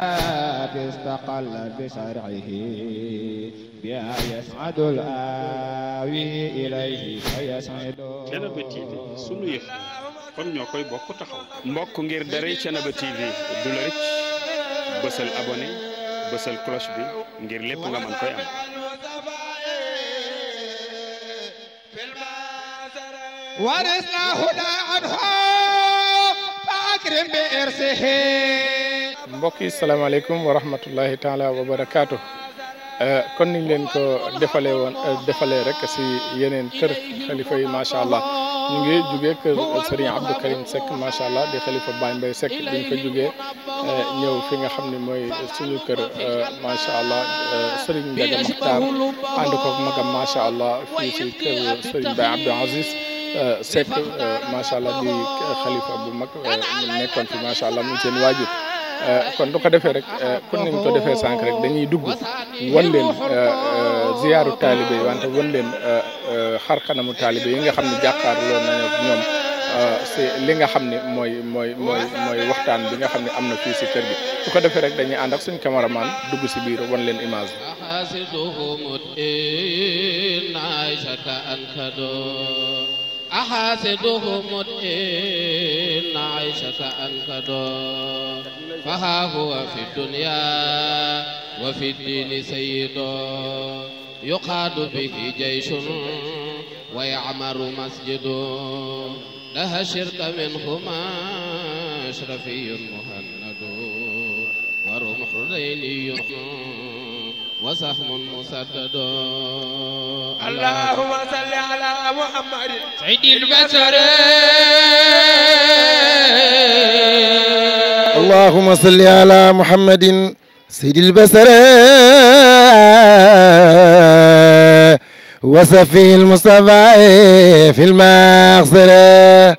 استقل بشرعه بها يسعد الآوي إليه فيسعد Thiénaba bokk taxaw mbokk ngir dara Thiénaba TV du nga mën irsihi mbokk yi salaamaaleykum wa rahmatullahi taala wa barakaatu euh, kon niñ leen ko defalee woon euh, defalee rek si yeneen kër xalifa yi macha allah ñu ngi jugee kër Serigne Abdou Karim Seck macha allah di xalifa Baye Mbaye Seck biñ ko jugee euh, ñëw fi nga xam ne mooy suñu kër macha allah Serigne Ndiaga Makhtar ànd koog magam macha allah fii si kër Serigne Baye Abdou Aziz. Seck macha allah di xalifa bu mag nekkoon fi macha allah mu seen waajur Euh, kon du ko defee rek kon euh, ni ko defee sànq rek dañuy dugg wan leen euh, ziyaaru taalibe yi wante wan leen xar taalibe yi nga xam ne jàkkaarloo nañu ak li nga xam ne mooy mooy mooy mooy waxtaan bi nga xam ne am na fii si kër gi su ko defee rek dañuy ànd ak suñu cameraman dugg si biir wan leen image bi. أحاسدهم إن عيشك أنكدو فها هو في الدنيا وفي الدين سيد يقاد به جيش ويعمر مسجد لها شرك منهما أشرفي مهند ورمح ديني وسهم مسدد اللهم صل على محمد سيد البشر اللهم صل على محمد سيد البشر وسفي المصطفى في المغفره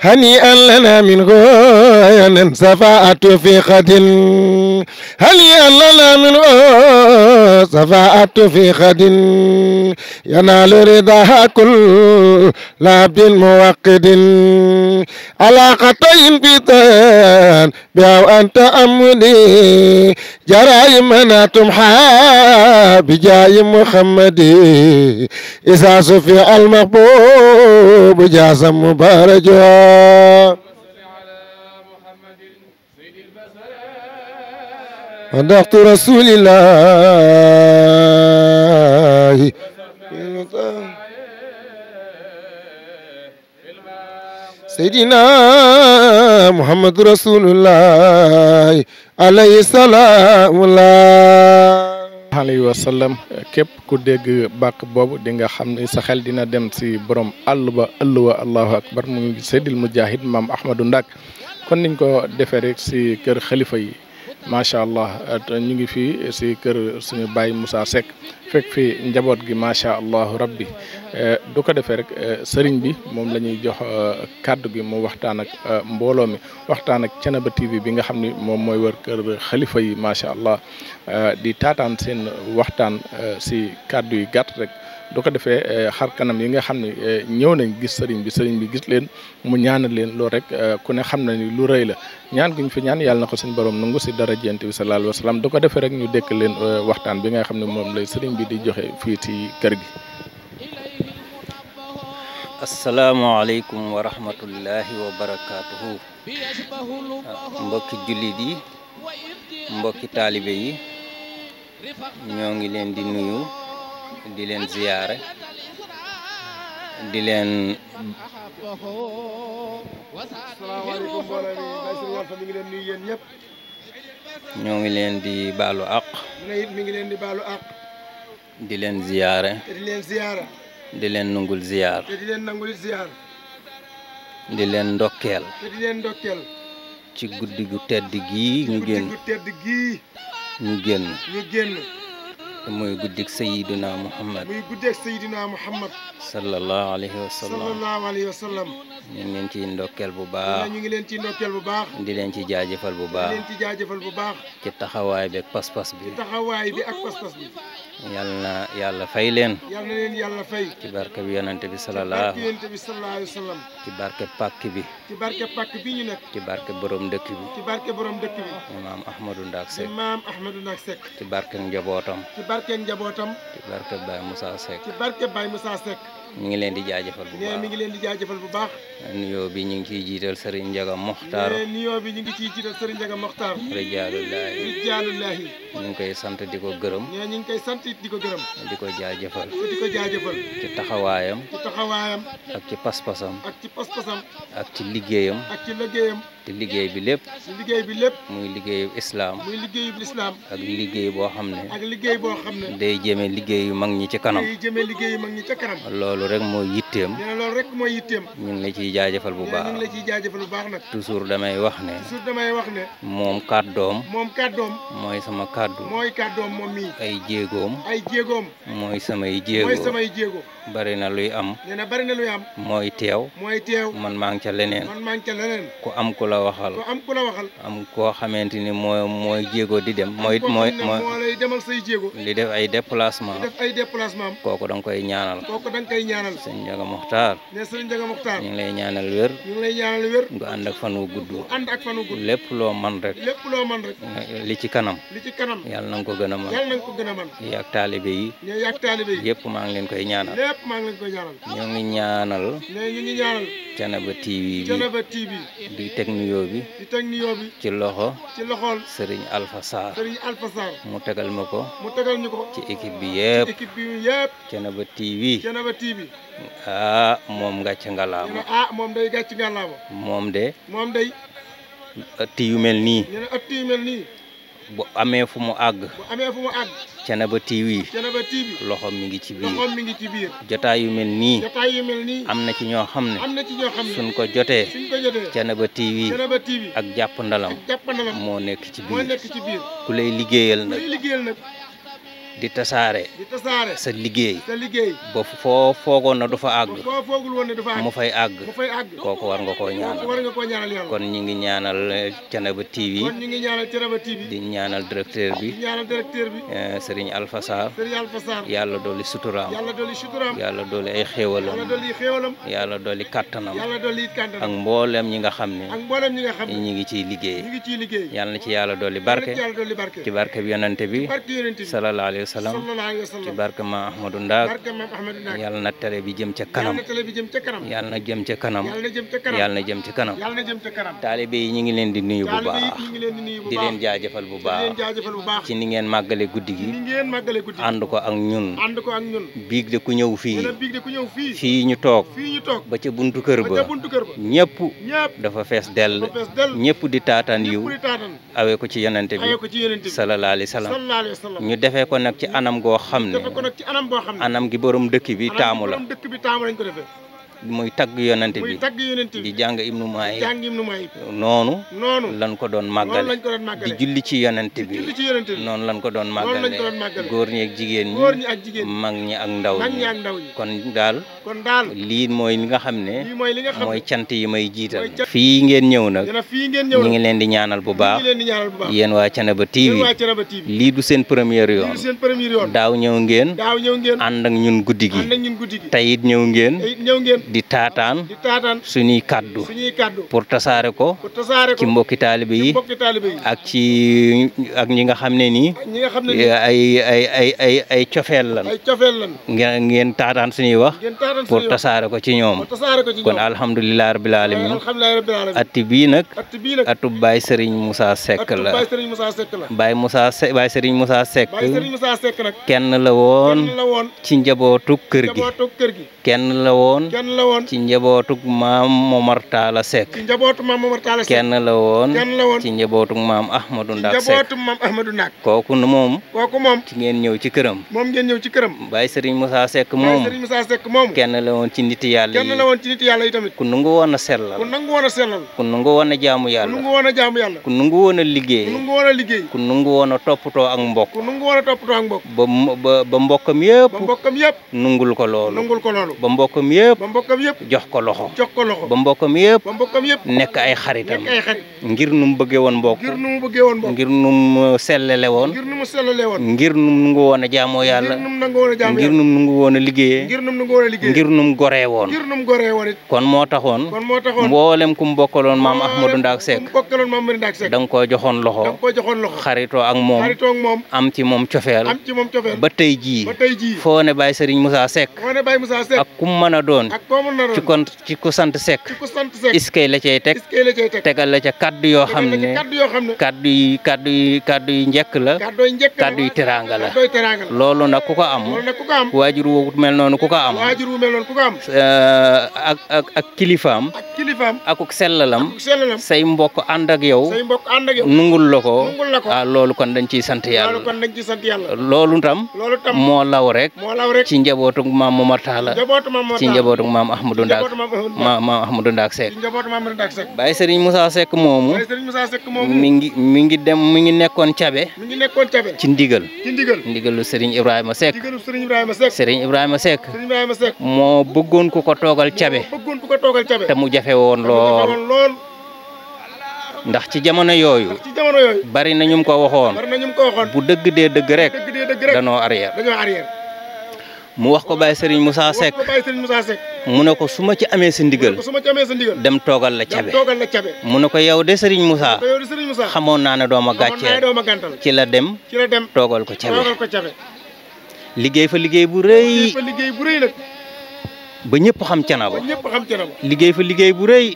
هنيئا لنا منه يا سفاءة في غد هنيئا لنا منه سفاءة في غد ينال رضاها كل لعبد موقد علاقتين بيتان بأو أنت أمني جراي مناتم حا بجاي محمد إذا صفي المحبوب جاسم مبارجها صدقت رسول الله سيدنا محمد رسول الله عليه السلام الله alayhi wa sallam képp ku dégg bàq boobu di nga xam ne sa xel dina dem si borom àll ba ëllëwa allahu akbar mu ngi seddil mujahid maam ahmadou ndak kon niñ ko defee si kër xalifa yi macha allah ñu ngi fii si kër suñu baay Moussa Seck fekk fii njaboot gi macha allah rabbi eh, du ko defee rek eh, sëriñ bi moom la ñuy jox eh, kàddu gi mu waxtaan ak mbooloo mi waxtaan ak Thiénaba bi nga xam ni moom mooy war kër xalifa yi macha allah di taataan seen waxtaan si kàddu yi gàtt rek. du ko defee eh, xar kanam yi nga xam ne eh, ñëw nañ gis sëriñ bi sëriñ bi gis leen mu ñaanal leen lool rek eh, ku ne xam na ni lu rëy la ñaan gi ñu fi ñaan yàlla na ko suñu borom nangu si dara jent bi sallallahu alayhi wa sallam du ko defee rek ñu dékk leen waxtaan bi xam ne moom lay sëriñ bi di joxe fii ci kër gi. asalaamaaleykum wa rahmatullahi wa barakaatuhu ah, mbokki jullit yi mbokki taalibe yi ñoo ngi leen di nuyu. di leen ziyaare di leen ñoo ngi leen di baalu àq leen di baalu di leen ziyaare di leen nangul ziyaar di leen di leen ndokkeel di leen ndokkeel ci guddi gu tedd gii ñu génn muy guddik sayiduna muhammad muy guddik sayiduna muhammad sallallahu alayhi wa sallam sallallahu alayhi wa sallam ñu ngi leen ci ndokkeel bu baax ñu ngi leen ci ndokkeel bu baax di leen ci jaajëfal bu baax di leen ci jaajëfal bu baax ci taxawaay bi ak pas-pas bi ci taxawaay bi ak pas-pas bi yal na yàlla fay leen yal fay ci barke bi yonente bi sallallahu alayhi wa sallam ci barke pàkk bi ci barke pàkk bi ñu nekk ci barke borom dëkk bi ci barke borom dëkk bi imaam Ahmadou Ndaak Seck imaam Ahmadou Ndaak Seck ci barke njabootam ci barke njabootam ci barke Baye Moussa ñu ngi leen di jaajëfal bu baax mi jaajëfal bu baax nuyoo bi ñu ngi ciy jiital sëriñ Njaga Moxtaar nuyoo bi ñu ngi ciy jiital sëriñ Njaga Moxtaar rijaalullaahi rijaalullaahi ñu ngi koy sant di ko gërëm ñu ngi koy sant di ko gërëm di ko jaajëfal di jaajëfal ci taxawaayam ci ak ci pas-pasam ak ci pas-pasam ak ci liggéeyam ak ci liggéeyam te liggéey bi lépp liggéey bi lépp muy liggéeyu islaam muy liggéeyu islaam ak liggéey boo xam ne ak liggéey boo xam ne day jëme liggéeyu mag ñi ci kanam day jëme liggéeyu mag ñi ci kanam loolu rek mooy yitteem. nee na loolu rek mooy yitteem. ñu ngi la ciy jaajëfal bu baax. la ciy jaajëfal bu baax nag. toujours damay wax ne. toujours damay wax ne. moom kàddoom. moom kàddoom. mooy sama kàddu. mooy kàddoom moom mii. ay jéegoom. ay jéegoom. mooy samay jéego. mooy samay jéego. bari na luy am. nee mooy teew. man maa ngi ca leneen. ku am ku la waxal. am ku la koo xamante ni mooy mooy di dem. mooy mooy moo demal say jéego. di def ay déplacement. di kooku da koy ñaanal. kooku da nga ñu lay ñaanal wér. ñu ngi ak fan wu gudd. nga lépp loo man rek. lépp li ci kanam. li ci kanam. yàlla na ko gën a man. yàlla na yi. yàlla yaak maa ngi leen koy ñaanal yëpp maa ngi ñu ngi ñaanal. nee ñu bi Thiénaba teg nuyoo bi. di ci loxo. ci loxol Serigne Alpha Sarr. mu tegal ma ko. mu tegal ko. ci équipe bi yëpp. ci équipe ah, moom gàcc ah, ngalaama. moom de. moom yu mel nii. bu amee fu mu àgg. bu amee fu mu loxoom mi ngi ci biir. loxoom ngi ci biir. jotaay yu mel nii. am na ci ñoo xam ne. am na ci suñ ko jotee. suñ ko jotee Thiénaba ak jàpp ndalam. ak moo nekk ci biir. ci biir. ku lay liggéeyal nag. di tasaare. sa liggéey. liggéey ba foo foogoon na du fa àgg. foo fay àgg. mu fay kooku war nga koo ñaanal. kon ñu ngi ñaanal Thiénaba TV. ñaanal Thiénaba TV. di ñaanal directeur bi. di ñaanal directeur bi. Eh, Serigne Alpha Sarr. Serigne yàlla dooli suturaam. yàlla dooli dooli ay xéewalam. yàlla dooli xéewalam. ak mboolem ñi nga xam ne. ak ñi nga ngi ciy liggéey. wasallam ci barke ma Ahmadou Ndaak na tere bi jëm ca kanam yàlla na jëm ca kanam yàlla jëm ca kanam taalibe yi ñu ngi leen di nuyu bu baax di leen jaajëfal bu baax ci ni ngeen màggale guddi gi ànd ko ak ñun biig de ku ñëw fii fii ñu toog ba ca buntu kër ba ñëpp dafa fees dell ñëpp di taataan yiw awee ko ci yonente bi ñu defee ko nag ci anam goo xam ne anam gi borom dëkk bi taamu la muy tagg yonent bi di jàng ibnu maay noonu lañ ko doon màggal di julli ci yonent bi noonu lañ ko doon màggale góor ñi jigéen ñi mag ñi ak ndaw ñi kon daal lii mooy li nga xam ne mooy cant yi may jiital fii ngeen ñëw nag ñu ngi leen di ñaanal bu baax yéen waa ba TV lii du seen premier yoon daaw ñëw ngeen ànd ak ñun guddi gi tey it ñëw ngeen di taataan suñuy kàddu pour tasaare ko ci mbokki taalibe yi ak ci ak ñi nga xam ne nii ay ay ay ay ay cofeel lan ngeen ngeen taataan suñuy wax pour tasaare ko ci ñoom kon alhamdulilah rabbil alamin atti bii nag atub Baye Serigne Moussa Seck la Baye Moussa Seck Baye Serigne kenn la woon ci njabootu kër gi kenn la woon la woon. ci njabootug maam Momar Talla Seck. ci njabootu la woon. kenn la woon ci njabootug maam Ahmadou Ndak Seck. ci njabootug maam Ahmadou Ndak. kooku moom. kooku moom. ci ngeen ñëw ci këram. moom ngeen ñëw ci këram. Baye Serigne Moussa Seck moom. Baye Serigne Moussa Seck moom. kenn la woon ci nit yàlla yi. la woon ci nit yàlla yi tamit. ku nangu woon a sellal. ku nangu woon a sellal. ku nangu woon a jaamu yàlla. ku nangu woon a jaamu yàlla. ku nangu woon liggéey. ku nangu woon a liggéey. ku nangu woon a ak mbokk. ku nangu woon ba ba ba mbokkam yëpp. ba mbokkam yëpp. nungul ko loolu. nungul ko loolu. ba mbokkam mbokkam yëpp jox ko loxo jox ko loxo ba mbokkam yëpp nekk ay xaritam nekk ay xarit ngir nu mu bëggee woon mbokk ngir nu mu bëggee woon mbokk ngir nu mu woon a jaamoo yàlla ngir nu mu nangu woon a jaamoo ngir nu mu nangu woon a liggéeyee woon a liggéeyee kon moo taxoon kon moo taxoon mboolem ku mu bokkaloon maam Ahmadou Ndaak Seck bokkaloon da nga koo joxoon loxo da nga koo joxoon loxo xaritoo ak moom xaritoo ak am ci moom cofeel ba tey jii ba tey jii foo ne Baye Serigne Moussa Seck doon ci kon ci ku sant sek iskay la cay teg tegal la ca kaddu yoo xam ne ne kaddu yi kaddu yi kaddu yi njëkk la kaddu yi teraanga la loolu nag ku ko am waajur wu mel noonu ku ko am euh, ak ak ak kilifaam ak sellalam say mbokk ànd ak yow nungul la ko ah loolu kon dañ ciy sant yàlla loolu tam moo law rek ci njabootu maam Momar Talla ci njabootu maam maam Ahmadou Ndak maam maam Ahmadou Ndak Seck Baye Serigne Moussa Seck moomu mi ngi mi ngi dem mi ngi nekkoon cabe ci ndigal ndigalu Serigne Ibrahima Seck Serigne Ibrahima Seck moo bëggoon ku ko toogal cabe te mu jafe woon lool ndax ci jamono yooyu bari na ñu ko waxoon bu dëgg dee dëgg rek danoo arrière mu wax ko baay Serigne Moussa Seck mu ne ko su ma ci amee sa ndigal dem toogal la cabe mu ne ko yow de Serigne Moussa xamoon naa ne dooma gàcceel ci la dem toogal ko cabe liggéey fa liggéey bu rëy. ba ñëpp xam Thiénaba liggéey fa liggéey bu rëy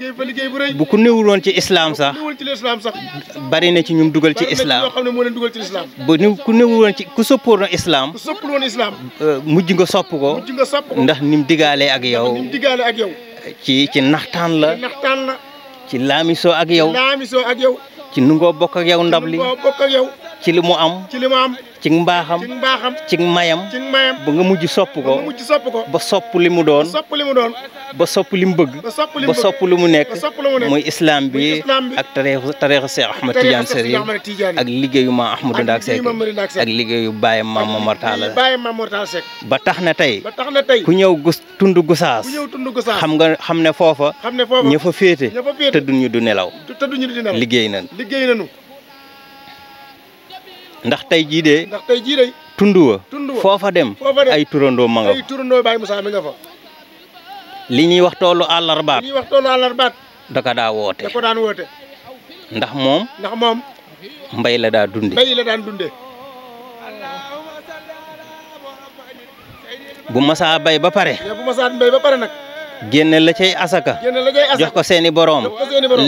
bu ku néewuloon ci islam sax bari na ci ñum dugal ci islam ba ni ku néewuloon ci ku soppoon islam euh, mujj nga sopp ko ndax nim digaalee ak yow ci ci naxtaan la ci laamisoo ak yow ci nu bokk ak yow ndab li ci li mu am ci li mu ci mbaaxam ci mbaaxam ci mayam ci ba nga mujj sopp ko ba ko ba sopp li mu doon sopp li mu doon ba sopp li mu bëgg ba sopp li mu nekk muy islam bi ak tareexu a Seex Ahmad Tidiane Sëriñ ak liggéeyu ma Ahmadou Ndak Seck ak liggéeyu Baye Maam Momar Talla ba tax na tey ku ñëw gus tund gusaas xam nga xam ne foofa ña fa féete tëdduñu du nelaw liggéey nañ ndax tey jii de. ndax jii de. tund wa. foofa dem. ay turandoo ma fa turandoo Baye Moussa mi nga li ñuy wax toolu àllarbaat li ñuy wax toolu àllarbaat. da ko daa woote. daan woote. ndax moom. ndax moom. mbay la daa dunde mbay la daan dunde bu masaa bay ba pare. génne la cay asaka jox ko seeni boroom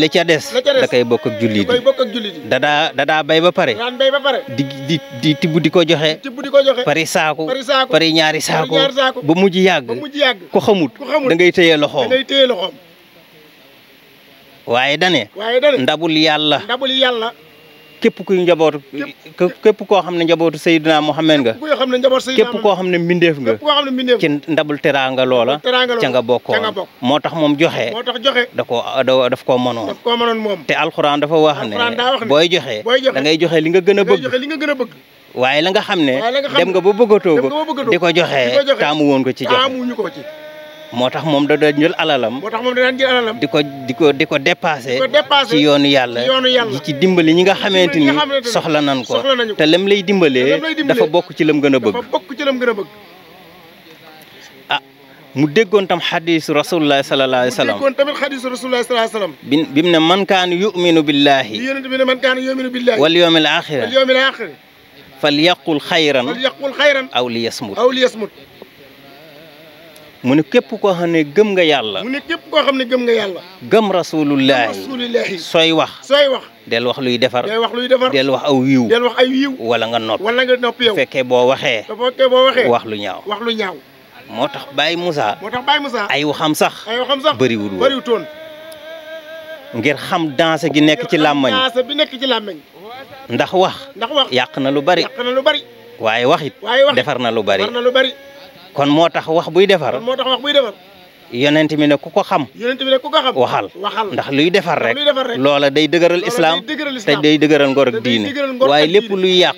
li ca des da koy bokk ak jullit yi dadaa bay ba pare di di di tibb di ko joxe pari saaku pari ñaari saaku ba mujj yàgg ku xamut da ngay téye loxoom waaye dane ndabul yàlla képp kuy njabootu képp koo xam ne njabootu Seydina Muhammad nga képp koo xam ne mbindeef nga ci ndabul teraanga loola ca nga bokkoon moo tax moom joxe da koo daf koo mënoon te alxuraan dafa wax ne booy joxe da ngay joxe li nga gën a bëgg waaye la nga xam ne dem nga ba bëggatoo ko di ko joxe taamu woon ko ci joxe moo tax moom da doon jël alalam. moo tax moom da doon jël alalam. di ko di ko di ko dépassé. ci yoon yàlla di ci dimbali ñi nga xamante ni soxla nañ ko. te lem lay dimbalee dafa bokk ci lam gën a bëgg. ah mu déggoon tam xadiisu rasulullah sallallahu alayhi mu déggoon tamit xadiisu rasulullah sallallahu alayhi wa sallam. bi bi mu ne man kaanu yuminu billahi. bi ne man kaanu yuminu billahi. wal yawmil axir. wal yawmil axir. fal yaqul xayran. xayran. aw li aw li yasmut. mu ne képp ko xam ne gëm nga yàlla. mu ne koo xam ne gëm nga yàlla. gëm rasulullahi. rasulullahi sooy wax. sooy wax del wax luy defar. del wax luy defar del wax aw yiw. del wax wala nga nopp wala nga nopp yow. fekkee boo waxee. wax lu ñaaw. wax lu ñaaw. moo tax Baye Moussa. moo tax ay waxam sax. ay waxam sax bëriwul woon bëriwul woon. ngir xam danse gi nekk ci làmmañ. danse bi nekk ci làmmañ. ndax wax. ndax yàq na lu bari. yàq na waaye wax it. defar na lu bari. kon moo tax wax buy defar. moo tax wax buy defar. ne ku ko xam. yonent mi waxal. ndax luy defar rek. loola day dëgëral islam. te day dëgëral ngor ak diine. waaye lépp luy yàq.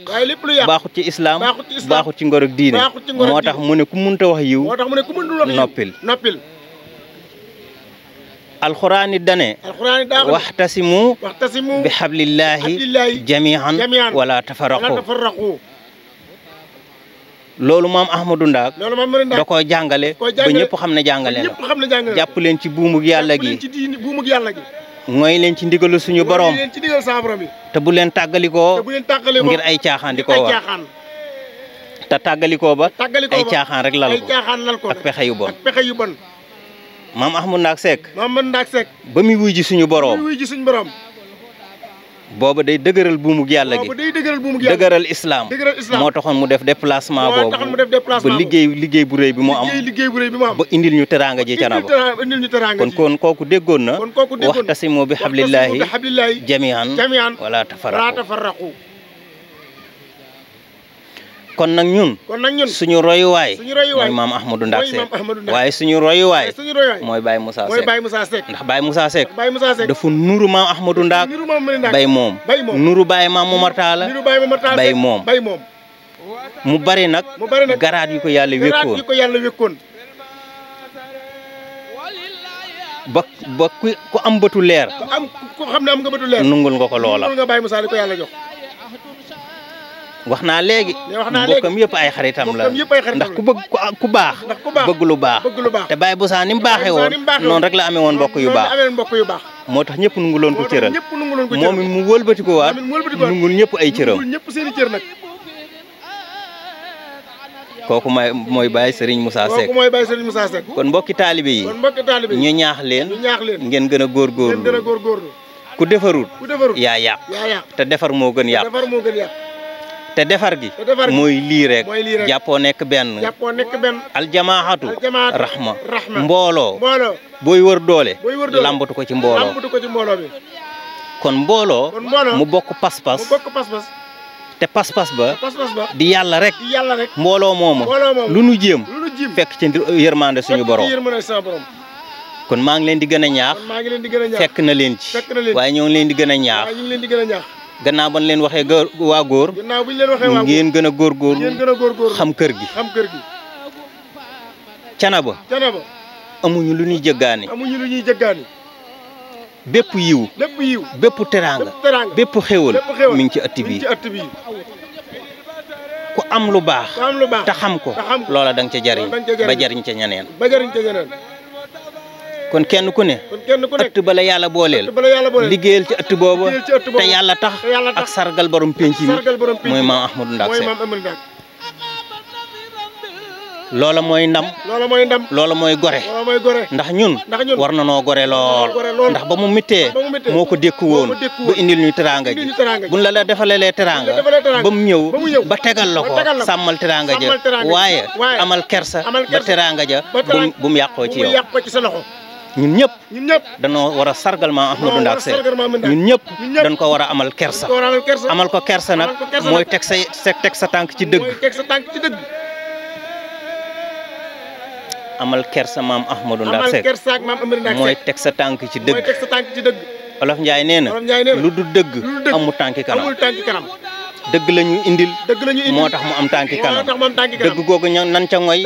baaxut ci islam. baaxut ci ngor ak diine. moo tax mu ne wax yiw. moo tax mu ne ku munta wax yiw noppil. noppil. alxuraan dane. waxtasimu. bi xablillahi. jamian wala tafarraqu loolu maam Ahmadou Ndaak da ko jàngale ba ñëpp xam ne jàngale la jàpp leen ci buumug yàlla gi mooy leen ci ndigalu suñu borom te bu leen tàggalikoo ngir ay caaxaan di ko wax te tàggalikoo ba ay caaxaan rek lal ko ak pexe yu bon maam Ahmadou Ndaak sek ba muy wuy ji suñu borom booba day dëgëral buumug yàlla gi dëgëral islam moo taxoon mu def déplacement boobu ba liggéey bu rey bi mu am ba indil ñu teraanga ji canaba kon kon kooku déggoon na moo bi hablillahi jami'an wala tafarraqu kon nag ñun. kon nag ñun suñu royuwaay. suñu royuwaay mooy maam Ahmadou Ndack Seck waaye suñu royuwaay. mooy Baye Moussa Seck. mooy Baye Moussa Seck ndax Baye Moussa Seck. Baye Moussa Seck dafa nuru maam Ahmadou Ndack. nuru moom. bay moom nuru Baye maam Momar Talla. nuru Baye moom. bay moom mu bari nag. mu bari garaat yu ko yàlla wékkoon garaat yu ko yàlla wékkoon. ku am bëtu leer. ku am nga bëtu leer. nungul nga ko loola nungul nga Baye Moussa wax naa léegi mbokkam yëpp ay xaritam la ndax ku bëgg ku baax bëgg lu baax te Baye Boussa ni mu baaxee woon noonu rek la amee woon mbokk yu baax moo tax ñëpp nu ngi loon ko cëral moom it mu wëlbati ko waat nungul ñëpp ay cëram kooku mooy mooy Baye Serigne Moussa Seck kooku mooy Baye Serigne Moussa Seck kon mbokki taalibe yi ñu ñaax leen ngeen gën a góorgóorlu ku defarul yaa yàq te defar moo gën yàq te defar gi mooy lii rek jàppoo nekk benn aljamaaxatu raxma mbooloo booy wër doole làmbatu ko ci mbooloo kon mbooloo mu bokk pas-pas te pas-pas ba di yàlla rek mbooloo mooma lu nu jéem fekk ci yërmande suñu borom kon maa ngi leen di gën a ñaax fekk na leen ci waaye ñoo ngi leen di gën a ñaax gannaaw ba ñu leen waxee góor waa góor. gannaaw bu ñu leen waxee waa góor ngeen gën a góorgóorlu ngeen a góorgóorlu xam kër gi. xam kër gi. canaba. canaba. amuñu lu ñuy jëggaani. amuñu lu ñuy jëggaani. bépp yiw. bépp yiw bépp teraanga. bépp xéwal mi ngi ci ëtt bii ku am lu baax. am lu baax xam ko. loola da nga ca jariñ ba jariñ ca ñeneen. jariñ ca ñeneen. kon kenn ku ne ëtt ba la yàlla booleel liggéeyal ci ëtt booba te yàlla tax ak sargal borom penc mi mooy maam Ahmadou Ndack Seck loola mooy ndam loola mooy ndam loola mooy gore ndax ñun war na noo gore lool ndax ba mu mittee moo ko dékku woon ba indil ñu teraanga ji buñ la la defalee teraanga ba mu ñëw ba tegal la ko sàmmal teraanga ja waaye amal kersa ba teraanga ja bu mu yàqoo ci yow ñun ñëpp danoo war a sargal maam Ahmadou Ndack Seye ñun ñëpp dañ ko war a amal kersa amal ko kersa nag mooy teg sa teg sa tànk ci dëgg amal kersa maam Ahmadou Ndack Seye mooy teg sa tànk ci dëgg Olof Njaay nee na lu du dëgg amul tànki kanam dëgg la ñu indil. dëgg la moo tax mu am tànki kanam moo tax mu am tànki kanam dëgg googu ñan nan ca ngoy.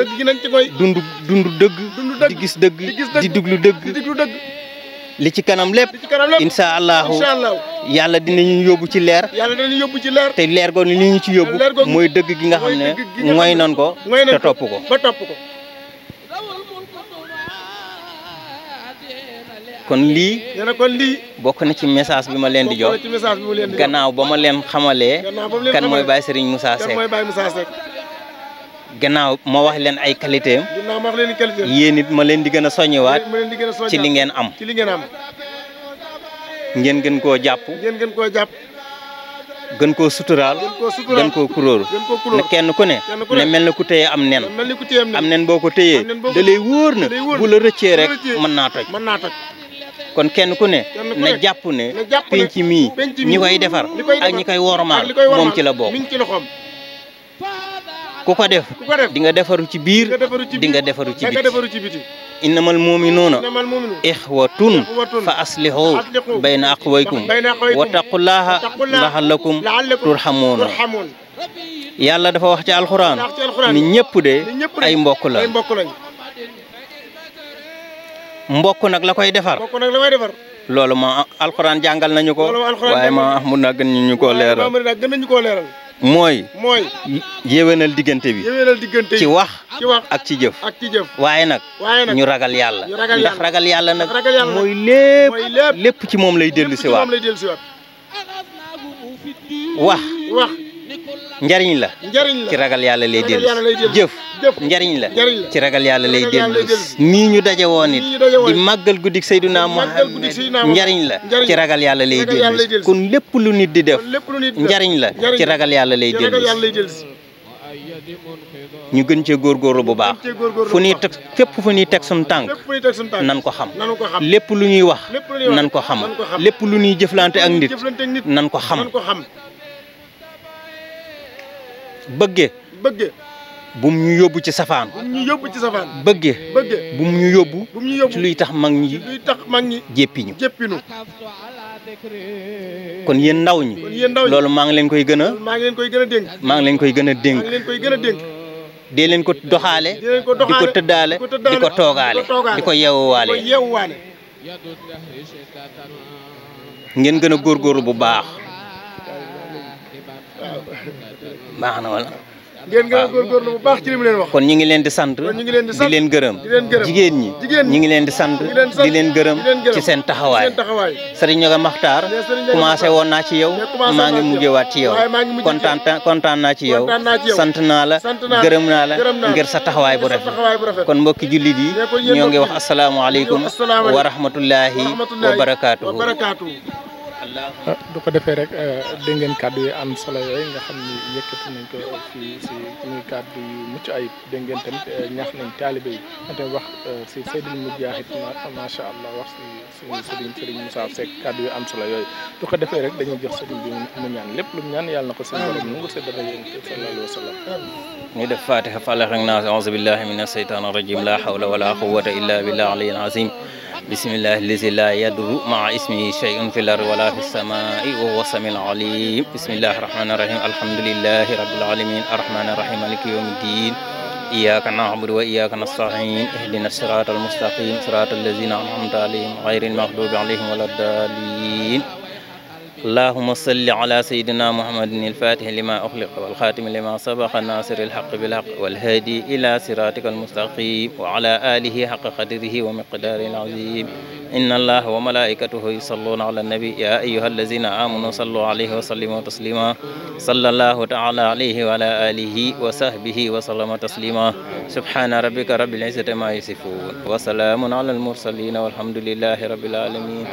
dundu gi dëgg. dund dëgg di gis dëgg. di gis dëgg di déglu dëgg. dëgg. li ci kanam lépp. li ci kanam lépp allahu. incha allahu yàlla dinañu yóbbu ci leer. yàlla dinañu yóbbu ci leer. te leer googu li ñu ci yóbbu. mooy dëgg gi nga xam ne. mooy dëgg nan ko. ngoy nan te topp ko topp ko. kon lii nee bokk na ci message bi ma leen di jox gannaaw ba ma leen xamalee kan mooy Baye Serigne Moussa Seck ganaaw ma wax leen ay qualité am yéen it ma leen di gën a soññiwaat ci li ngeen am ngeen gën koo jàpp ngeen gën koo jàpp gën koo suturaal gën koo kuróor ne kenn ku ne ne mel na ku téye am nen am nen boo ko téyee da lay wóor na bu la rëccee rek mën naa toj kon kenn ku ne na jàpp ne penc mii ñi koy defar ak ñi koy wormaal moom ci la bokk ku ko def di nga defaru ci biir dinga defaru ci biti innamal muminuuna ixwatun fa aslihu bayna aqwaykum wa taqullaha lahallakum turhamuuna yàlla dafa wax ci alxuraan ni ñëpp de ay mbokk la mbokk nag la koy defar. mbokk nag la loolu ma alxuraan jàngal nañu ko. waaye ma mun naa gën ñu koo leeral. gën nañu koo leeral. mooy. mooy yéwénal diggante bi. yéwénal diggante bi ci wax. ak ci jëf. ak ci jëf waaye nag. ñu ragal yàlla. ndax ragal yàlla nag. mooy lépp lépp ci moom lay dellusiwaat. wax. wax. njariñ la ci ragal yàlla lay dellu jëf njariñ la ci ragal yàlla lay dellu nii ñu daje woon it di màggal guddik Seydunaa njariñ la ci ragal yàlla lay dellu kon lépp lu nit di def njariñ la ci ragal yàlla lay dellu ñu gën cee góor góorgóorlu bu baax fu ñuy teg fépp fu ñuy teg suñu tànk nan ko xam lépp lu ñuy wax nan ko xam lépp lu ñuy jëflante ak nit nan ko xam bëggee bëggee bum ñu yóbbu ci safaan bum ñu yóbbu ci safaan bëggee bëggee ñu yóbbu bum ñu luy tax mag ñi luy tax mag ñi jéppi ñu jéppi yéen ndaw ñi loolu maa ngi leen koy gën a maa ngi leen koy gën a maa ngi leen koy gën a dénk gën a dénk dee leen ko doxaale di ko tëddaale di ko toogaale di ko yeewuwaale ngeen gën a góor bu baax baax na wala. wax. kon ñu ngi leen di sant. ñu ngi leen di leen gërëm. jigéen ñi. ñi ngi leen di sant. di leen gërëm ci seen taxawaay. seen taxawaay Serigne Ndioga Makhtar. commencé woon naa ci yow. maa ngi mujjewaat ci yow. kontaan kontaan naa ci yow. sant naa la gërëm naa la ngir sa taxawaay bu rafet. kon mbokki jullit yi ñoo ngi wax asalaamaaleykum wa rahmatullahi wa barakaatuhu. Ah, du ko defee rek euh, dégg ngeen kàddu yu am solo yooyu nga xam ni yëkkati nañ ko fii si muy kàddu yu mucc ayib dégg ngeen tamit euh, ñaax nañ taalibe yi te wax si euh, Seydil Mujaahid macha allah wax si suñu sëriñ sëriñ Moussa Seck kàddu yu am solo yooyu du ko defee rek dañuy jox sëriñ bi mu ñaan lépp lu mu ñaan yàlla na ko seen borom nangu sa dara yéen sallallahu alayhi wa sallam ñu def fatiha falax rek naa auzu billahi mina sheytaan rajim la hawla wala quwata illa billah aliyil azim bisimilah lizi la yadru maa ismihi shay'un fil ardi wala fis samaa'i wa huwa samiul alim bismillahi rahmaani rahim alhamdulillahi rabbil alamin arrahmaani rahim maliki yawmiddin iyyaka na'budu wa iyyaka nasta'in ihdina siratal mustaqim siratal ladzina an'amta alayhim ghayril maghdubi alayhim waladdallin allahuma salli ala sayidina muhammadin ilfatixi lima oxliq walxaatimi lima sabaqa nasiri ilxaq bilxaq walhaadi ila siratika almustaqim wa ala alihi xaqa qadrihi wa miqdaari alazim inna allah wa malaikatahu yusalluuna ala nabi ya ayuha allazina amanu sallu alayhi wa sallimu taslima sallallahu taala alayhi wa ala alihi wa sahbihi wa sallama taslima subhana rabbika rabbil izzati ma yasifun wa salaamun ala almursalina walhamdulillahi rabbil alamin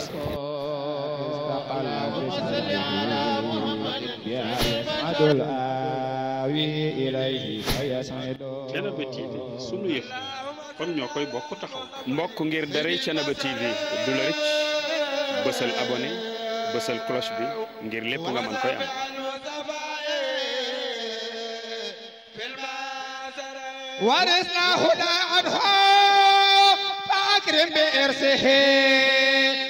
Thiénaba TV sunu yëf kon ñoo koy bokk taxaw mbokk ngir dara Thiénaba TV du la bi ngir